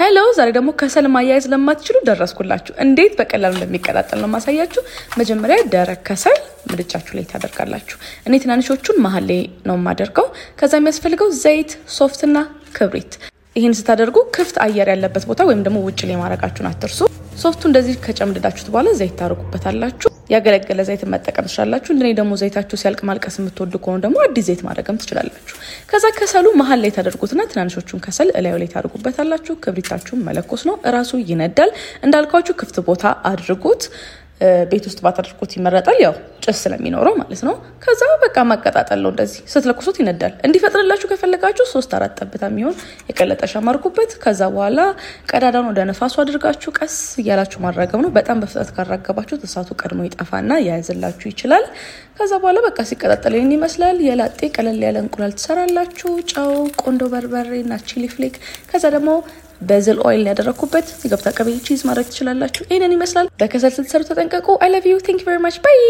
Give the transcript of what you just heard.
ሄሎ ዛሬ ደግሞ ከሰል ማያያዝ ለማትችሉ ደረስኩላችሁ። እንዴት በቀላሉ እንደሚቀጣጠል ነው ማሳያችሁ። መጀመሪያ ደረቅ ከሰል ምድጃችሁ ላይ ታደርጋላችሁ። እኔ ትናንሾቹን መሀል ላይ ነው የማደርገው። ከዛ የሚያስፈልገው ዘይት፣ ሶፍትና ክብሪት። ይህን ስታደርጉ ክፍት አየር ያለበት ቦታ ወይም ደግሞ ውጭ ላይ ማድረጋችሁን አትርሱ። ሶፍቱ እንደዚህ ከጨምድዳችሁት በኋላ ዘይት ታደርጉበታላችሁ። ያገለገለ ዘይትን መጠቀም ትችላላችሁ። እንደኔ ደግሞ ዘይታችሁ ሲያልቅ ማልቀስ የምትወዱ ከሆኑ ደግሞ አዲስ ዘይት ማድረግም ትችላላችሁ። ከዛ ከሰሉ መሀል ላይ ታደርጉትና ትናንሾቹን ከሰል እላዩ ላይ ታደርጉበታላችሁ። ክብሪታችሁን መለኮስ ነው፣ እራሱ ይነዳል። እንዳልኳችሁ ክፍት ቦታ አድርጉት። ቤት ውስጥ ባታደርጉት ይመረጣል። ያው ጭስ ስለሚኖረው ማለት ነው። ከዛ በቃ ማቀጣጠል ነው። እንደዚህ ስትለኩሱት ይነዳል። እንዲፈጥንላችሁ ከፈለጋችሁ ሶስት አራት ጠብታ የሚሆን የቀለጠ ሻማ አድርጉበት። ከዛ በኋላ ቀዳዳን ወደ ነፋሱ አድርጋችሁ ቀስ እያላችሁ ማራገብ ነው። በጣም በፍጥነት ካራገባችሁ እሳቱ ቀድሞ ይጠፋና ያያዝላችሁ ይችላል። ከዛ በኋላ በቃ ሲቀጣጠል ይህን ይመስላል። የላጤ ቀለል ያለ እንቁላል ትሰራላችሁ። ጨው፣ ቆንዶ በርበሬ እና ቺሊ ፍሌክ ከዛ ደግሞ በዝል ኦይል ያደረግኩበት የገብታ ቀቤ ቺዝ ማድረግ ትችላላችሁ። ይህንን ይመስላል። በከሰል ስትሰሩ ተጠንቀቁ። አይ ላቭ ዩ ቴንክ ዩ ቨሪ ማች ባይ